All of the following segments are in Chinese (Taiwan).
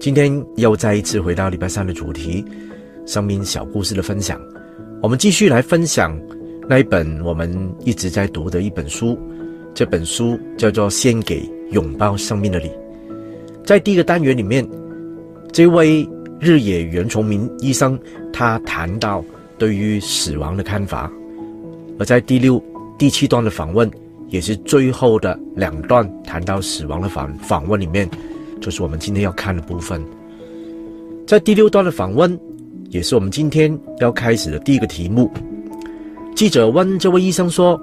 今天又再一次回到禮拜三的主題——生命小故事的分享。我們繼續來分享那一本我們一直在讀的一本書，這本書叫做《獻給擁抱生命的你》。在第一個單元裡面，這位日野原重明醫生他談到對於死亡的看法，而在第六、第七段的訪問，也是最後的兩段談到死亡的訪訪問裡面。就是我們今天要看的部分，在第六段的訪問，也是我們今天要開始的第一個題目。記者問這位醫生說：“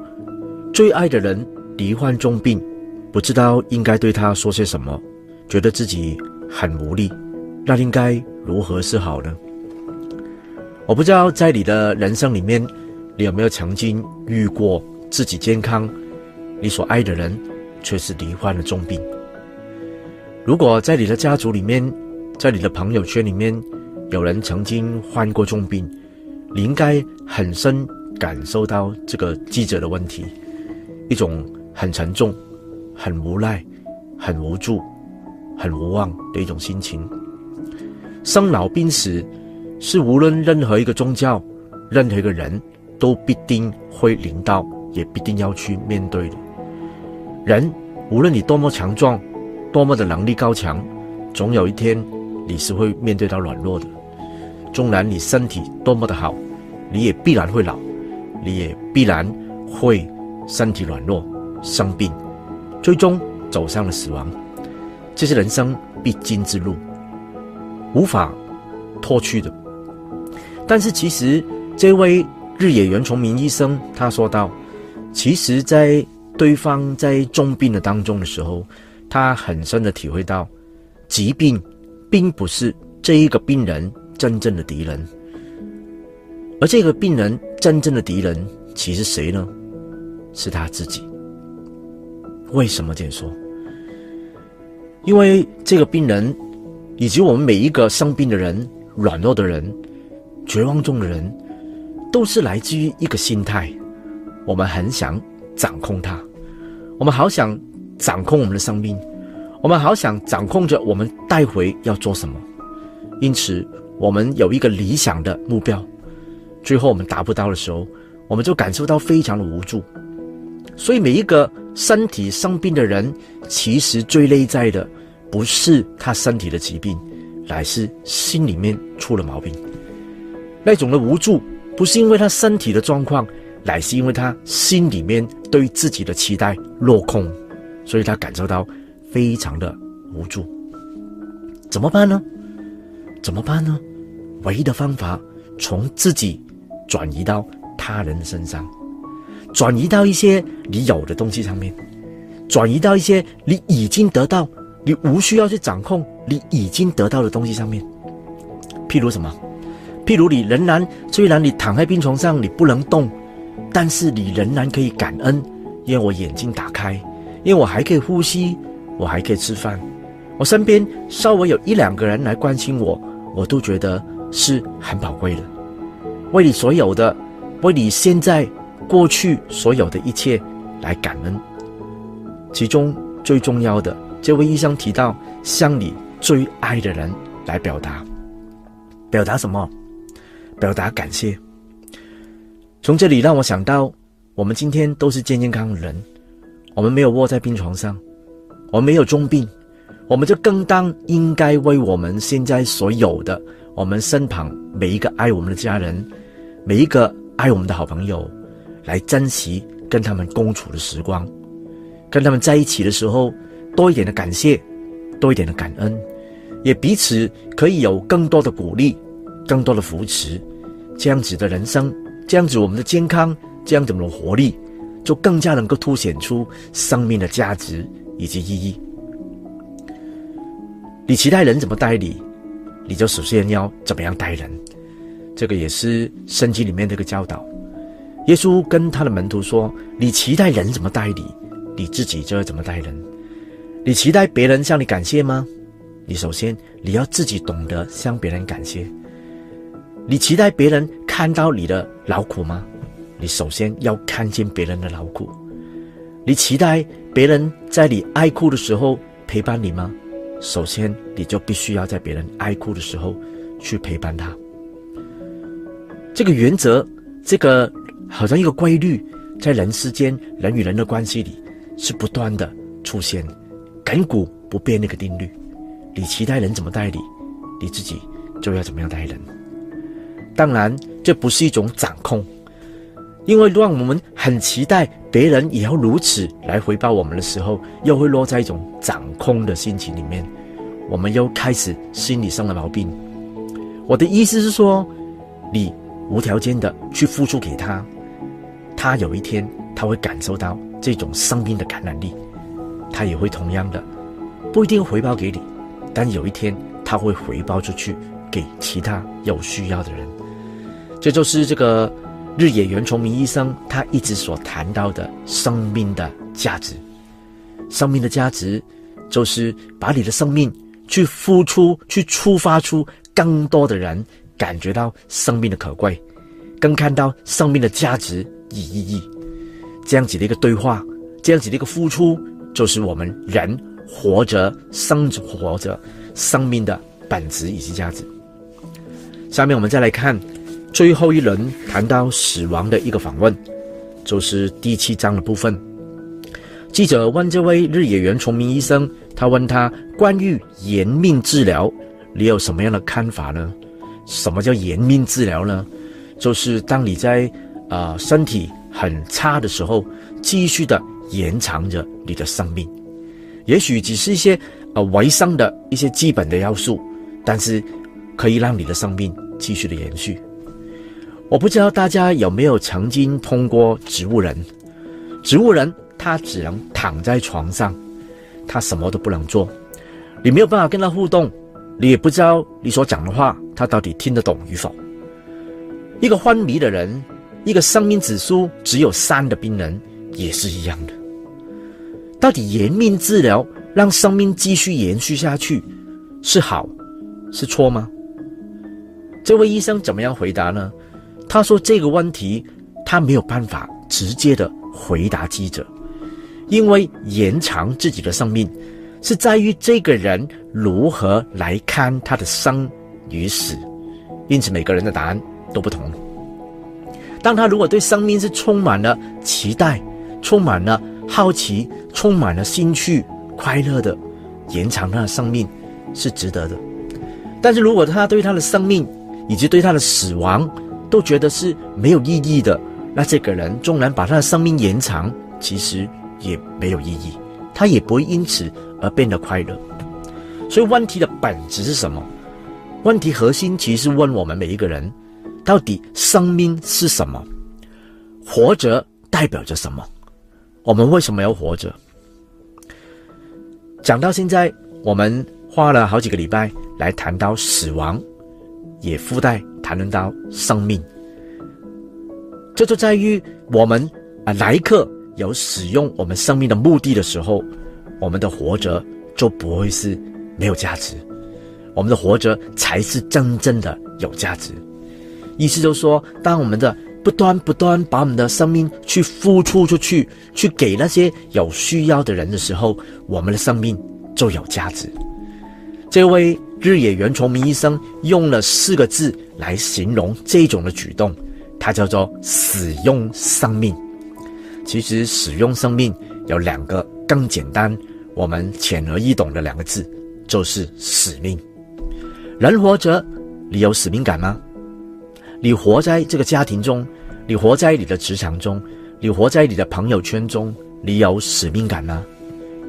最愛的人罹患重病，不知道應該對他說些什麼，覺得自己很無力，那應該如何是好呢？”我不知道在你的人生裡面，你有沒有曾經遇過自己健康，你所愛的人卻是罹患了重病。如果在你的家族裡面，在你的朋友圈裡面，有人曾經患過重病，你應該很深感受到這個記者的問題，一種很沉重、很無奈、很無助、很無望的一種心情。生老病死，是無論任何一個宗教、任何一個人都必定會臨到，也必定要去面對的。人，無論你多麼強壯。多麼的能力高強，總有一天你是會面對到軟弱的。縱然你身體多麼的好，你也必然會老，你也必然會身體軟弱、生病，最終走上了死亡，這是人生必經之路，無法脫去的。但是其實這位日野原重明醫生他說道，其實，在對方在重病的當中的時候。他很深地體會到，疾病並不是這一個病人真正的敵人，而這個病人真正的敵人其實誰呢？是他自己。為什麼這樣說？因為這個病人，以及我們每一個生病的人、軟弱的人、絕望中的人，都是來自於一個心態：我們很想掌控他，我們好想。掌控我們的生命，我們好想掌控着我們明天要做什麼，因此我們有一個理想的目標，最後我們達不到的時候，我們就感受到非常的無助。所以每一個身體生病的人，其實最內在的不是他身體的疾病，乃是心裡面出了毛病。那種的無助，不是因為他身體的狀況，乃是因為他心裡面對自己的期待落空。所以他感受到非常的無助，怎麼辦呢？怎麼辦呢？唯一的方法，從自己轉移到他人身上，轉移到一些你有的東西上面，轉移到一些你已經得到、你無需要去掌控、你已經得到的東西上面。譬如什麼？譬如你仍然雖然你躺在病床上，你不能動，但是你仍然可以感恩，因為我眼睛打開。因為我還可以呼吸，我還可以吃飯，我身邊稍微有一兩個人來關心我，我都覺得是很寶貴的。為你所有的，為你現在、過去所有的一切來感恩。其中最重要的，這位醫生提到，向你最愛的人來表達，表達什麼？表達感謝。從這裡讓我想到，我們今天都是健健康的人。我們沒有臥在病床上，我們沒有重病，我們就更當應該為我們現在所有的、我們身旁每一個愛我們的家人、每一個愛我們的好朋友，來珍惜跟他們共處的時光，跟他們在一起的時候，多一點的感謝，多一點的感恩，也彼此可以有更多的鼓勵、更多的扶持，這樣子的人生，這樣子我們的健康，這樣子我們的活力。就更加能夠凸顯出生命的價值以及意義。你期待人怎麼待你，你就首先要怎麼樣待人。這個也是聖經裡面的一個教導。耶穌跟他的門徒說：“你期待人怎麼待你，你自己就要怎麼待人。你期待別人向你感謝嗎？你首先你要自己懂得向別人感謝。你期待別人看到你的勞苦嗎？”你首先要看見別人的勞苦，你期待別人在你哀哭的時候陪伴你嗎？首先，你就必須要在別人哀哭的時候去陪伴他。這個原則，這個好像一個規律，在人世間人與人的關係裡是不斷的出現，亘古不變那個定律。你期待人怎麼待你，你自己就要怎麼樣待人。當然，這不是一種掌控。因為讓我們很期待別人也要如此來回報我們的時候，又會落在一種掌控的心情裡面，我們又開始心理上的毛病。我的意思是說，你無條件的去付出給他，他有一天他會感受到這種生命的感染力，他也會同樣的，不一定回報給你，但有一天他會回報出去給其他有需要的人。這就是這個。日野原重明醫生，他一直所談到的生命的價值，生命的價值就是把你的生命去付出，去觸發出更多的人感覺到生命的可貴，更看到生命的價值與意義。這樣子的一個對話，這樣子的一個付出，就是我們人活着、生活着，生命的本質以及價值。下面我們再來看。最後一輪談到死亡的一個訪問，就是第七章的部分。記者問這位日野原重明醫生，他問他關於延命治療，你有什麼樣的看法呢？什麼叫延命治療呢？就是當你在啊、呃、身體很差的時候，繼續的延長着你的生命，也許只是一些啊、呃、維生的一些基本的要素，但是可以讓你的生命繼續的延續。我不知道大家有沒有曾經碰過植物人？植物人他只能躺在床上，他什麼都不能做，你沒有辦法跟他互動，你也不知道你所講的話他到底聽得懂與否。一個昏迷的人，一個生命指數只有三的病人也是一樣的。到底延命治療讓生命繼續延續下去是好是錯嗎？這位醫生怎麼樣回答呢？他說：“這個問題，他沒有辦法直接的回答記者，因為延長自己的生命，是在於這個人如何來看他的生與死，因此每個人的答案都不同。當他如果對生命是充滿了期待，充滿了好奇，充滿了興趣，快樂的延長他的生命，是值得的。但是如果他對他的生命以及對他的死亡，都覺得是沒有意義的，那這個人縱然把他的生命延長，其實也沒有意義，他也不會因此而變得快樂。所以問題的本質是什麼？問題核心其實是問我們每一個人：到底生命是什麼？活着代表着什麼？我們為什麼要活着？講到現在，我們花了好幾個禮拜來談到死亡，也附帶。談論到生命，這就在於我們啊、呃，來客有使用我們生命的目的的時候，我們的活着就不會是沒有價值，我們的活着才是真正的有價值。意思就是說，當我們的不斷不斷把我們的生命去付出出去，去給那些有需要的人的時候，我們的生命就有價值。這位。日野原重明醫生用了四個字來形容這種的舉動，他叫做使“使用生命”。其實“使用生命”有兩個更簡單、我們淺而易懂的兩個字，就是“使命”。人活着，你有使命感嗎？你活在這個家庭中，你活在你的職場中，你活在你的朋友圈中，你有使命感嗎？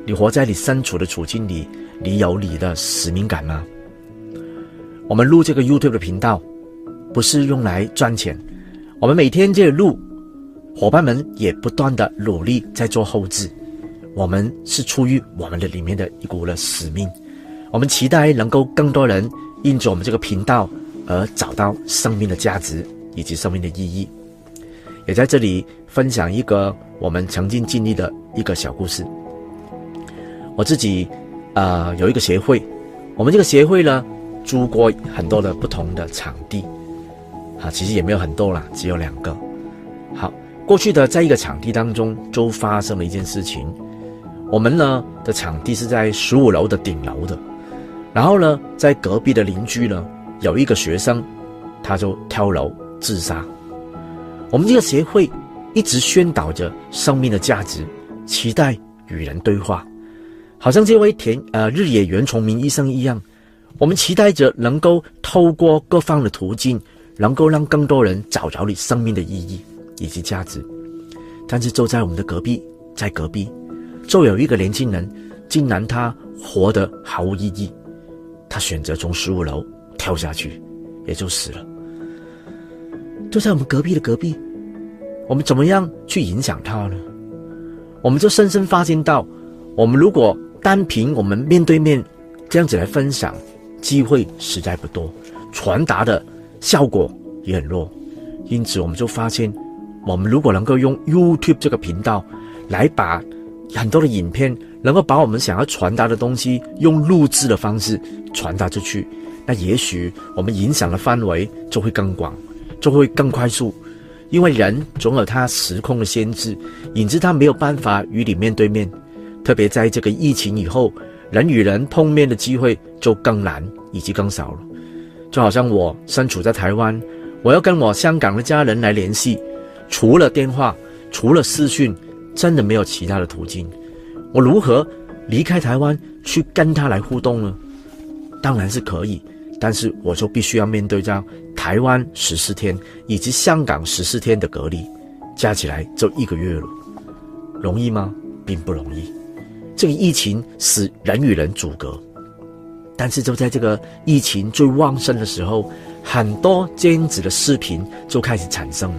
你活在你身處的處境裡，你有你的使命感嗎？我們錄這個 YouTube 的頻道，不是用來賺錢。我們每天就錄，夥伴們也不斷的努力在做後製。我們是出於我們的裡面的一股的使命，我們期待能夠更多人因着我們這個頻道而找到生命的價值以及生命的意義。也在這裡分享一個我們曾經經歷的一個小故事。我自己，呃，有一個協會，我們這個協會呢，租過很多的不同的場地，啊，其實也沒有很多啦，只有兩個。好，過去的在一個場地當中，就發生了一件事情。我們呢的場地是在十五樓的頂樓的，然後呢，在隔壁的鄰居呢，有一個學生，他就跳樓自殺。我們這個協會一直宣導着生命的價值，期待與人對話，好像這位田呃日野原重明醫生一樣。我們期待着能夠透過各方的途徑，能夠讓更多人找着你生命的意義以及價值。但是就在我們的隔壁，在隔壁，就有一個年輕人，竟然他活得毫無意義，他選擇從十五樓跳下去，也就死了。就在我們隔壁的隔壁，我們怎麼樣去影響他呢？我們就深深發現到，我們如果單憑我們面對面這樣子來分享，機會實在不多，傳達的效果也很弱，因此我們就發現，我們如果能夠用 YouTube 這個頻道，來把很多的影片，能夠把我們想要傳達的東西用錄製的方式傳達出去，那也許我們影響的範圍就會更廣，就會更快速，因為人總有他時空的限制，引致他沒有辦法與你面對面，特別在這個疫情以後，人與人碰面的機會。就更難，以及更少了。就好像我身處在台灣，我要跟我香港的家人來聯繫，除了電話，除了視訊，真的沒有其他的途徑。我如何離開台灣去跟他來互動呢？當然是可以，但是我就必須要面對這樣台灣十四天以及香港十四天的隔離，加起來就一個月了。容易嗎？並不容易。這個疫情使人與人阻隔。但是就在這個疫情最旺盛的時候，很多這樣子的視頻就開始產生了。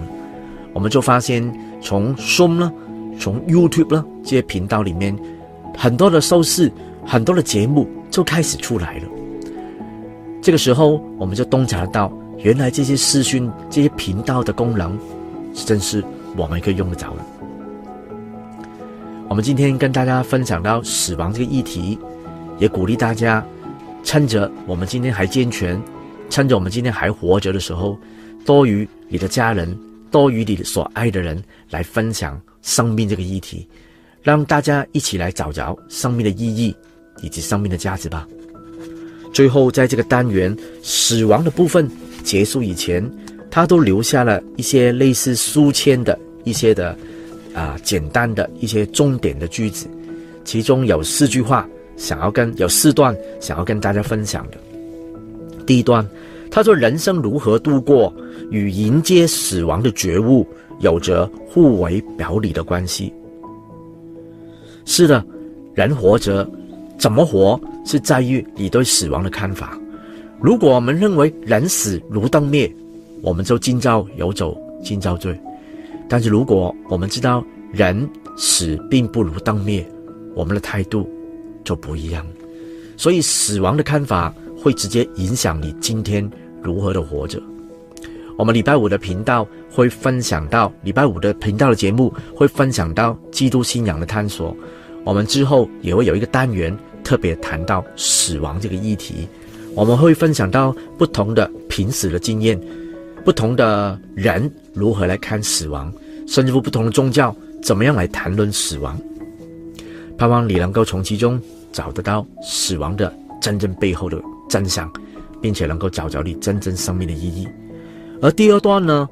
我們就發現，從 Zoom 呢，從 YouTube 呢，這些頻道裡面，很多的收視，很多的節目就開始出來了。這個時候，我們就洞察到，原來這些視訊、這些頻道的功能，真是我們可以用得着的。我們今天跟大家分享到死亡這個議題，也鼓勵大家。趁着我們今天還健全，趁着我們今天還活着的時候，多與你的家人，多與你所愛的人來分享生命這個議題，讓大家一起來找着生命的意義以及生命的價值吧。最後，在這個單元死亡的部分結束以前，他都留下了一些類似書籤的一些的啊、呃、簡單的一些重點的句子，其中有四句話。想要跟有四段想要跟大家分享的，第一段，他說：“人生如何度過，與迎接死亡的覺悟有着互為表裡的關係。”是的，人活着怎麼活，是在於你對死亡的看法。如果我們認為人死如燈滅，我們就今朝有酒今朝醉；但是如果我們知道人死並不如燈滅，我們的態度，就不一樣，所以死亡的看法會直接影響你今天如何的活着。我們禮拜五的頻道會分享到禮拜五的頻道的節目會分享到基督信仰的探索。我們之後也會有一個單元特別談到死亡這個議題。我們會分享到不同的瀕死的經驗，不同的人如何來看死亡，甚至乎不同的宗教怎麼樣來談論死亡。盼望你能夠從其中找得到死亡的真正背後的真相，並且能夠找着你真正生命的意義。而第二段呢，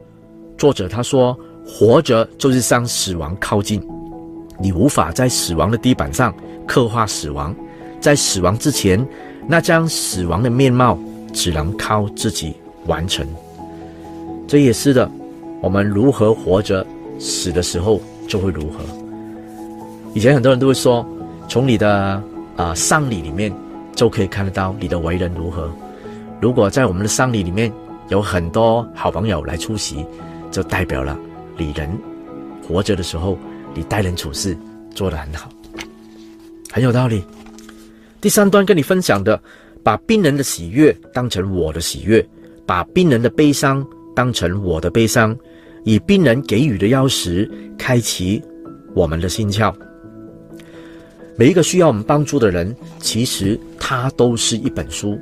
作者他說：“活着就是向死亡靠近，你無法在死亡的地板上刻畫死亡，在死亡之前，那張死亡的面貌只能靠自己完成。”這也是的，我們如何活着，死的時候就會如何。以前很多人都會說，從你的啊喪禮裡面就可以看得到你的為人如何。如果在我們的喪禮裡面有很多好朋友來出席，就代表了你人活着的時候，你待人處事做得很好，很有道理。第三段跟你分享的，把病人的喜悅當成我的喜悅，把病人的悲傷當成我的悲傷，以病人給予的鑰匙開啟我們的心竅。.每一個需要我們幫助的人，其實他都是一本書。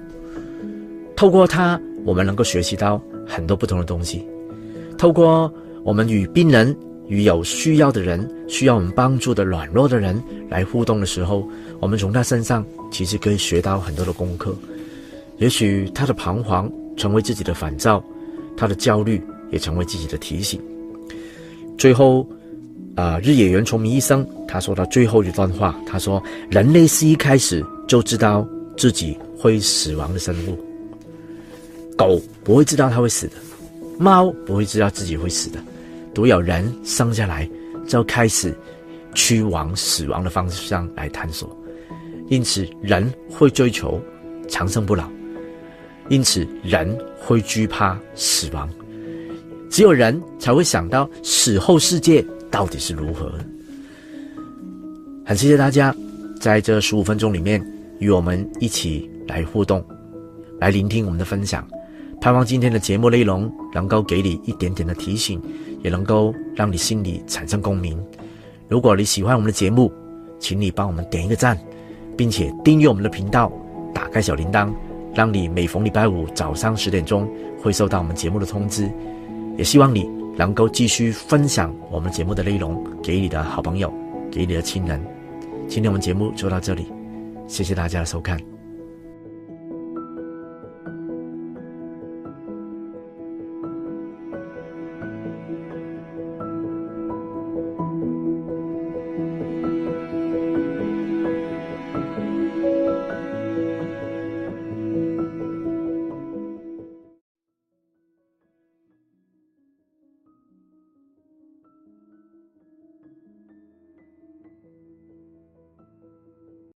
透過他，我們能夠學習到很多不同的東西。透過我們與病人、與有需要的人、需要我們幫助的軟弱的人來互動的時候，我們從他身上其實可以學到很多的功課。也許他的彷徨成為自己的反照，他的焦慮也成為自己的提醒。最後。啊、呃，日野原崇明醫生，他說到最後一段話，他說：“人類是一開始就知道自己會死亡的生物，狗不會知道它會死的，貓不會知道自己會死的，獨有人生下來就開始去往死亡的方向來探索，因此人會追求長生不老，因此人會懼怕死亡，只有人才會想到死後世界。”到底是如何？很謝謝大家在這十五分鐘裡面與我們一起來互動，來聆聽我們的分享。盼望今天的節目內容能夠給你一點點的提醒，也能夠讓你心裡產生共鳴。如果你喜歡我們的節目，請你幫我們點一個讚，並且訂閱我們的頻道，打開小鈴鐺，讓你每逢禮拜五早上十點鐘會收到我們節目的通知。也希望你。能夠繼續分享我們節目的內容，給你的好朋友，給你的親人。今天我們節目就到這裡，謝謝大家的收看。